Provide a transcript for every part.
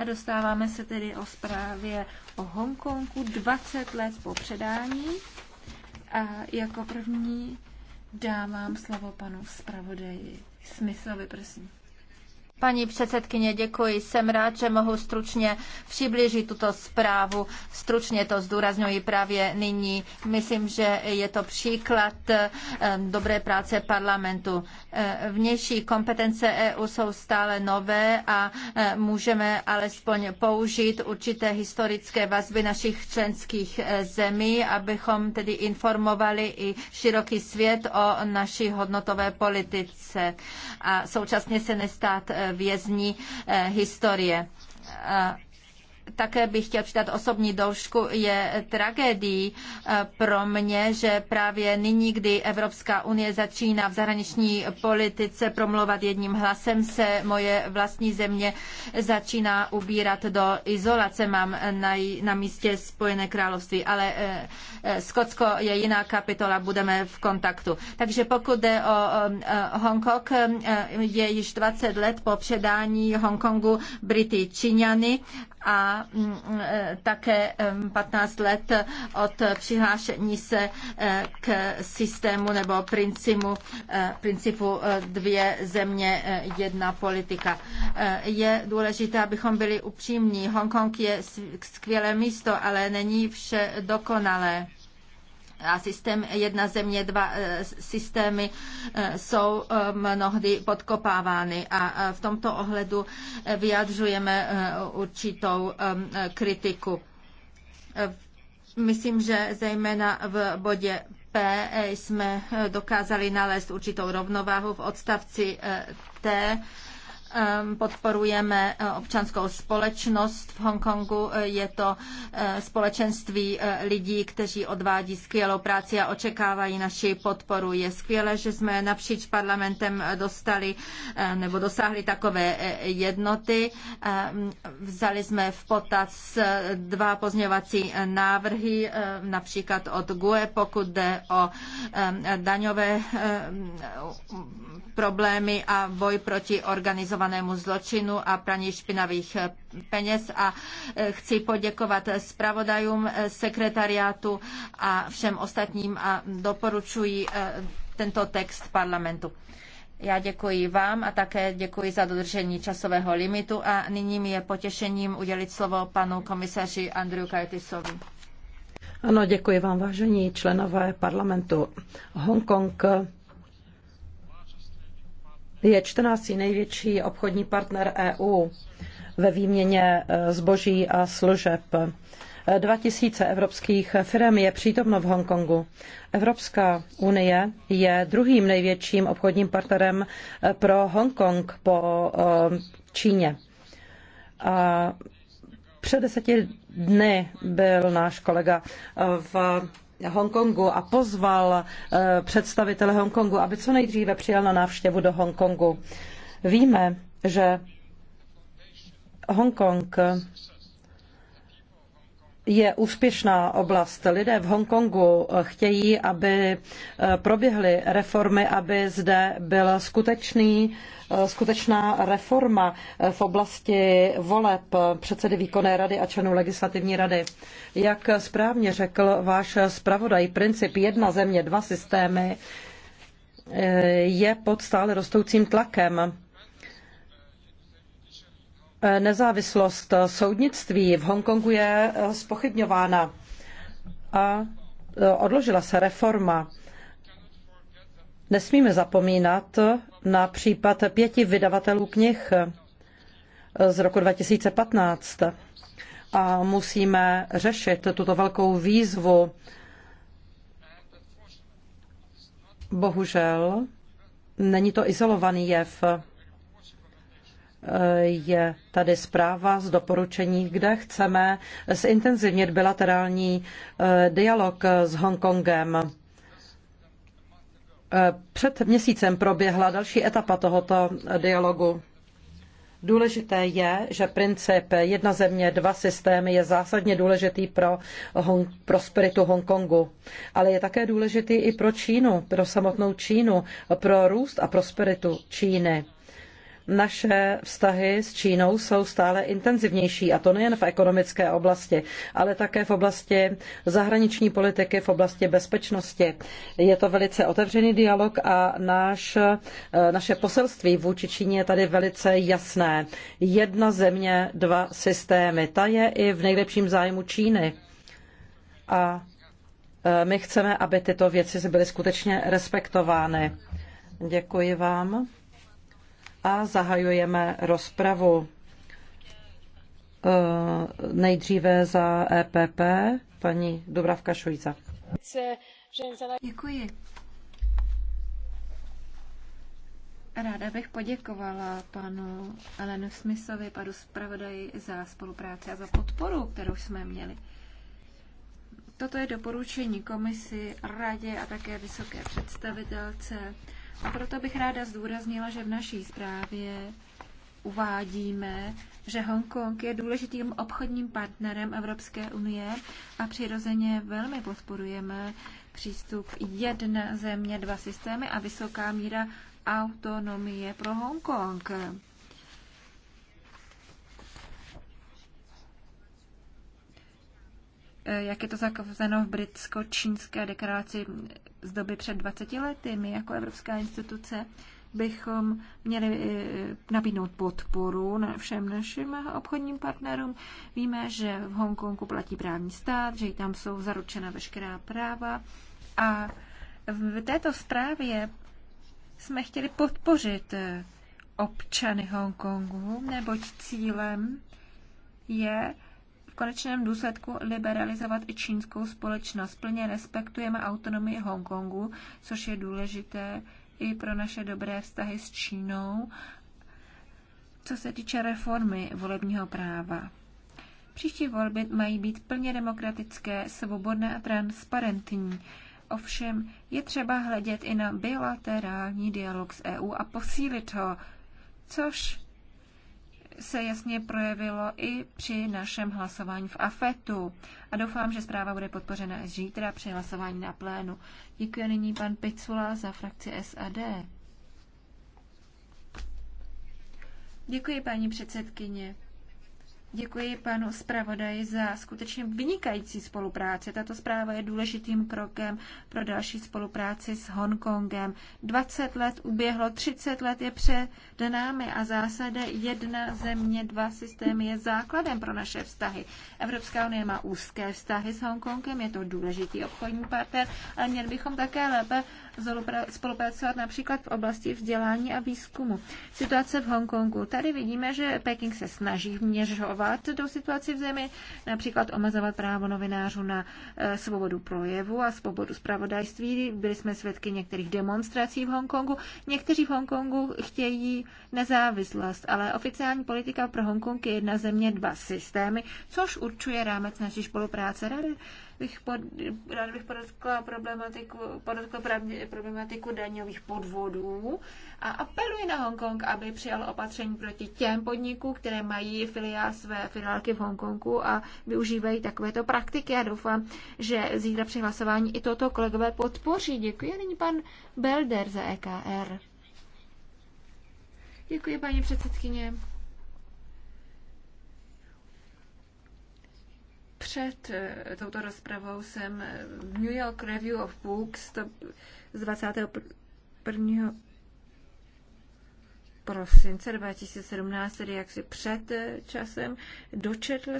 A dostáváme se tedy o zprávě o Hongkongu 20 let po předání. A jako první dávám slovo panu zpravodaji Smyslovi, prosím. Paní předsedkyně, děkuji. Jsem rád, že mohu stručně přiblížit tuto zprávu. Stručně to zdůrazňuji právě nyní. Myslím, že je to příklad eh, dobré práce parlamentu. Eh, vnější kompetence EU jsou stále nové a eh, můžeme alespoň použít určité historické vazby našich členských zemí, abychom tedy informovali i široký svět o naší hodnotové politice a současně se nestát vězní eh, historie také bych chtěl přidat osobní doušku, je tragédií eh, pro mě, že právě nyní, kdy Evropská unie začíná v zahraniční politice promluvat jedním hlasem, se moje vlastní země začíná ubírat do izolace. Mám na, na místě Spojené království, ale eh, eh, Skotsko je jiná kapitola, budeme v kontaktu. Takže pokud jde o eh, Hongkong, eh, je již 20 let po předání Hongkongu Brity Číňany a mm, eh, také 15 let od přihlášení se eh, k systému nebo eh, principu, principu dvě země, jedna politika. Je důležité, abychom byli upřímní. Hongkong je skvělé místo, ale není vše dokonalé a systém jedna země, dva eh, systémy eh, jsou eh, mnohdy podkopávány a v tomto ohledu vyjadřujeme určitou kritiku. Myslím, že zejména v bodě P jsme dokázali nalézt určitou rovnováhu v odstavci T podporujeme eh, občanskou společnost v Hongkongu. Eh, je to eh, společenství lidí, kteří odvádí skvělou práci a očekávají naši podporu. Je skvělé, že jsme napříč parlamentem dostali nebo dosáhli takové jednoty. Vzali jsme v potaz dva pozměvací návrhy, například od GUE, pokud jde o daňové problémy a boj proti organizovanému organizovanému zločinu a praní špinavých peněz a e, chci poděkovat zpravodajům, e, sekretariátu a všem ostatním a doporučuji e, tento text parlamentu. Já děkuji vám a také děkuji za dodržení časového limitu a nyní mi je potěšením udělit slovo panu komisaři Andriu Kajtisovi. Ano, děkuji vám, vážení členové parlamentu. Hongkong je 14. největší obchodní partner EU ve výměně e, zboží a služeb. 2000 evropských firm je přítomno v Hongkongu. Evropská unie je druhým největším obchodním partnerem e, pro Hongkong po e, Číně. A před deseti dny byl náš kolega v Hongkongu a pozval eh, představitele Hongkongu, aby co nejdříve přijel na návštěvu do Hongkongu. Víme, že Hongkong je úspěšná oblast. Lidé v Hongkongu eh, chtějí, aby eh, proběhly reformy, aby zde byla skutečný, eh, skutečná reforma v oblasti voleb předsedy výkonné rady a členů legislativní rady. Jak správně řekl váš zpravodaj, princip jedna země, dva systémy je pod stále rostoucím tlakem Eh, nezávislost eh, soudnictví v Hongkongu je eh, spochybňována a odložila se reforma. Nesmíme zapomínat na případ pěti vydavatelů knih z roku 2015 a musíme řešit tuto velkou výzvu. Bohužel není to izolovaný jev je tady zpráva z doporučení, kde chceme zintenzivnit bilaterální eh, dialog s Hongkongem. Eh, před měsícem proběhla další etapa tohoto eh, dialogu. Důležité je, že princip jedna země, dva systémy je zásadně důležitý pro Hong, prosperitu Hongkongu, ale je také důležitý i pro Čínu, pro samotnou Čínu, pro růst a prosperitu Číny. Naše vztahy s Čínou jsou stále intenzivnější a to nejen v ekonomické oblasti, ale také v oblasti zahraniční politiky, v oblasti bezpečnosti. Je to velice otevřený dialog a náš, eh, naše poselství vůči Číně je tady velice jasné. Jedna země, dva systémy. Ta je i v nejlepším zájmu Číny. A eh, my chceme, aby tyto věci byly skutečně respektovány. Děkuji vám a zahajujeme rozpravu. Eh, nejdříve za EPP paní Dobravka Šujza. Děkuji. Ráda bych poděkovala panu Elenu Smithovi, panu zpravodaji za spolupráci a za podporu, kterou jsme měli. Toto je doporučení komisi, radě a také vysoké představitelce a proto bych ráda zdůraznila, že v naší zprávě uvádíme, že Hongkong je důležitým obchodním partnerem Evropské unie a přirozeně velmi podporujeme přístup jedna země, dva systémy a vysoká míra autonomie pro Hongkong. Eh, jak je to zakazeno v britsko-čínské deklaraci z doby před 20 lety. My jako Evropská instituce bychom měli eh, nabídnout podporu na všem našim obchodním partnerům. Víme, že v Hongkongu platí právní stát, že tam jsou zaručena veškerá práva a v této zprávě jsme chtěli podpořit eh, občany Hongkongu, neboť cílem je konečném důsledku liberalizovat i čínskou společnost. Plně respektujeme autonomii Hongkongu, což je důležité i pro naše dobré vztahy s Čínou, co se týče reformy volebního práva. Příští volby mají být plně demokratické, svobodné a transparentní. Ovšem je třeba hledět i na bilaterální dialog s EU a posílit ho, což se jasně projevilo i při našem hlasování v AFETu. A doufám, že zpráva bude podpořena i zítra při hlasování na plénu. Děkuji nyní pan Picula za frakci SAD. Děkuji, paní předsedkyně. Děkuji panu zpravodaji za skutečně vynikající spolupráci. Tato zpráva je důležitým krokem pro další spolupráci s Hongkongem. 20 let uběhlo, 30 let je před námi a zásada jedna země, dva systémy je základem pro naše vztahy. Evropská unie má úzké vztahy s Hongkongem, je to důležitý obchodní partner, ale měli bychom také lépe spolupracovat například v oblasti vzdělání a výzkumu. Situace v Hongkongu. Tady vidíme, že Peking se snaží vměřovat vstupovat do situaci v zemi, například omezovat právo novinářů na eh, svobodu projevu a svobodu zpravodajství. Byli jsme svědky některých demonstrací v Hongkongu. Někteří v Hongkongu chtějí nezávislost, ale oficiální politika pro Hongkong je jedna země, dva systémy, což určuje rámec naší spolupráce. Rady, bych, pod, rád bych podotkla problematiku, podotkla problematiku daňových podvodů a apeluji na Hongkong, aby přijal opatření proti těm podnikům, které mají filiál své filiálky v Hongkongu a využívají takovéto praktiky. Já doufám, že zítra při hlasování i toto kolegové podpoří. Děkuji. A nyní pan Belder za EKR. Děkuji, paní předsedkyně. Před eh, touto rozpravou jsem v New York Review of Books z 21 prosince 2017, tedy jak si před eh, časem, dočetl,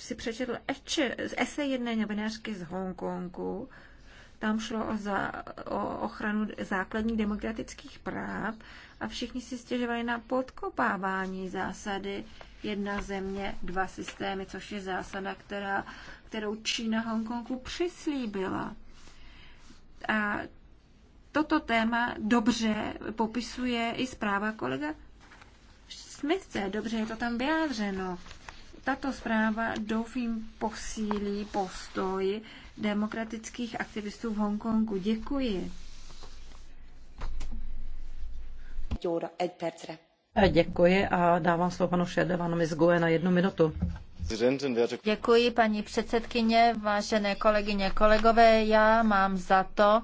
si přečetl eče, ese jedné novinářky z Hongkongu. Tam šlo o, za, o ochranu základních demokratických práv a všichni si stěžovali na podkopávání zásady jedna země, dva systémy, což je zásada, která, kterou Čína Hongkongu přislíbila. A Toto téma dobře popisuje i zpráva kolega Smithce. Dobře je to tam vyjádřeno. Tato zpráva, doufím, posílí postoj demokratických aktivistů v Hongkongu. Děkuji. Děkuji a dávám slovo panu Šedevanovi z GUE na jednu minutu. Děkuji, paní předsedkyně, vážené kolegyně, kolegové. Já mám za to,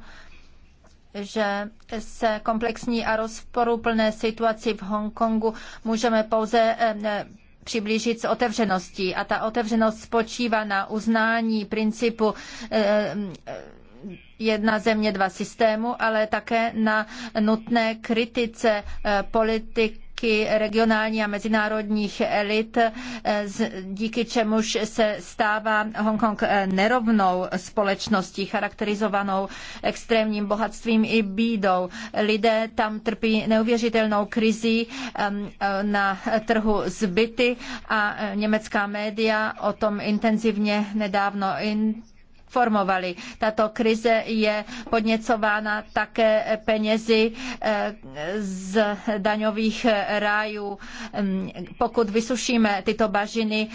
že se komplexní a rozporuplné situaci v Hongkongu můžeme pouze eh, přiblížit s otevřeností. A ta otevřenost spočívá na uznání principu eh, eh, jedna země, dva systému, ale také na nutné kritice politik tlaky regionální a mezinárodních elit, eh, díky čemuž se stává Hongkong eh, nerovnou společností, charakterizovanou extrémním bohatstvím i bídou. Lidé tam trpí neuvěřitelnou krizi eh, na trhu zbyty a německá média o tom intenzivně nedávno formovali. Tato krize je podněcována také penězi eh, z daňových rájů. Mm, pokud vysušíme tyto bažiny,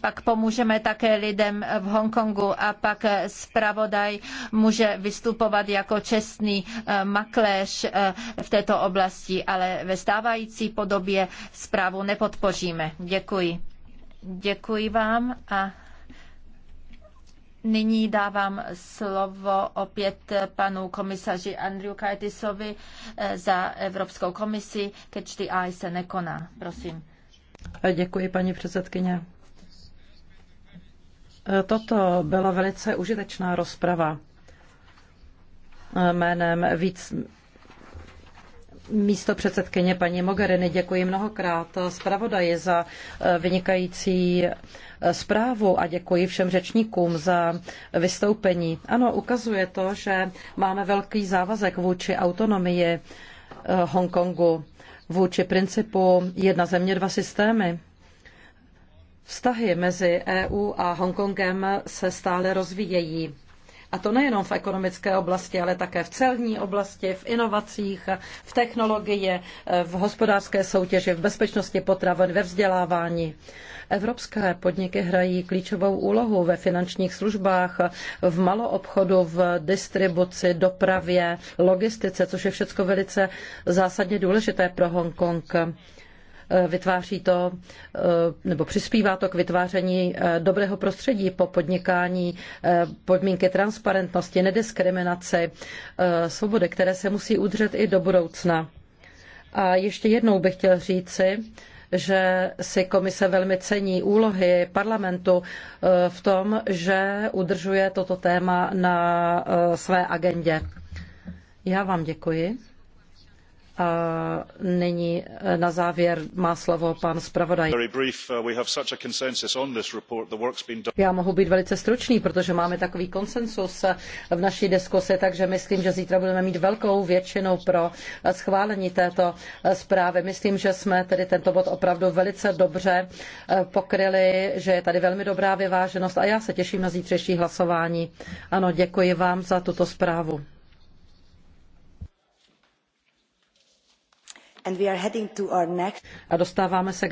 pak pomůžeme také lidem v Hongkongu a pak zpravodaj může vystupovat jako čestný eh, makléř eh, v této oblasti, ale ve stávající podobě zprávu nepodpoříme. Děkuji. Děkuji vám a Nyní dávám slovo opět panu komisaři Andriu Kajtisovi eh, za Evropskou komisi. Catch the Eye se nekoná. Prosím. Eh, děkuji, paní předsedkyně. Eh, toto byla velice užitečná rozprava jménem víc, místo předsedkyně paní Mogherini. Děkuji mnohokrát zpravodaji za eh, vynikající eh, zprávu a děkuji všem řečníkům za vystoupení. Ano, ukazuje to, že máme velký závazek vůči autonomii eh, Hongkongu, vůči principu jedna země, dva systémy. Vztahy mezi EU a Hongkongem se stále rozvíjejí. A to nejenom v ekonomické oblasti, ale také v celní oblasti, v inovacích, v technologii, v hospodářské soutěži, v bezpečnosti potravin, ve vzdělávání. Evropské podniky hrají klíčovou úlohu ve finančních službách, v maloobchodu, v distribuci, dopravě, logistice, což je všechno velice zásadně důležité pro Hongkong. Eh, vytváří to eh, nebo přispívá to k vytváření eh, dobrého prostředí po podnikání, podmínky transparentnosti, nediskriminace, svobody, které se musí udržet i do budoucna. A ještě jednou bych chtěl říci, že si komise velmi cení úlohy parlamentu v tom, že udržuje toto téma na své agendě. Já vám děkuji. A nyní e, na závěr má slovo pan zpravodaj. Já mohu být velice stručný, protože máme takový konsensus e, v naší diskusi, takže myslím, že zítra budeme mít velkou většinu pro e, schválení této zprávy. Myslím, že jsme tedy tento bod opravdu velice dobře pokryli, že je tady velmi dobrá vyváženost a já se těším na zítřejší hlasování. Ano, děkuji vám za tuto zprávu. A dostáváme se k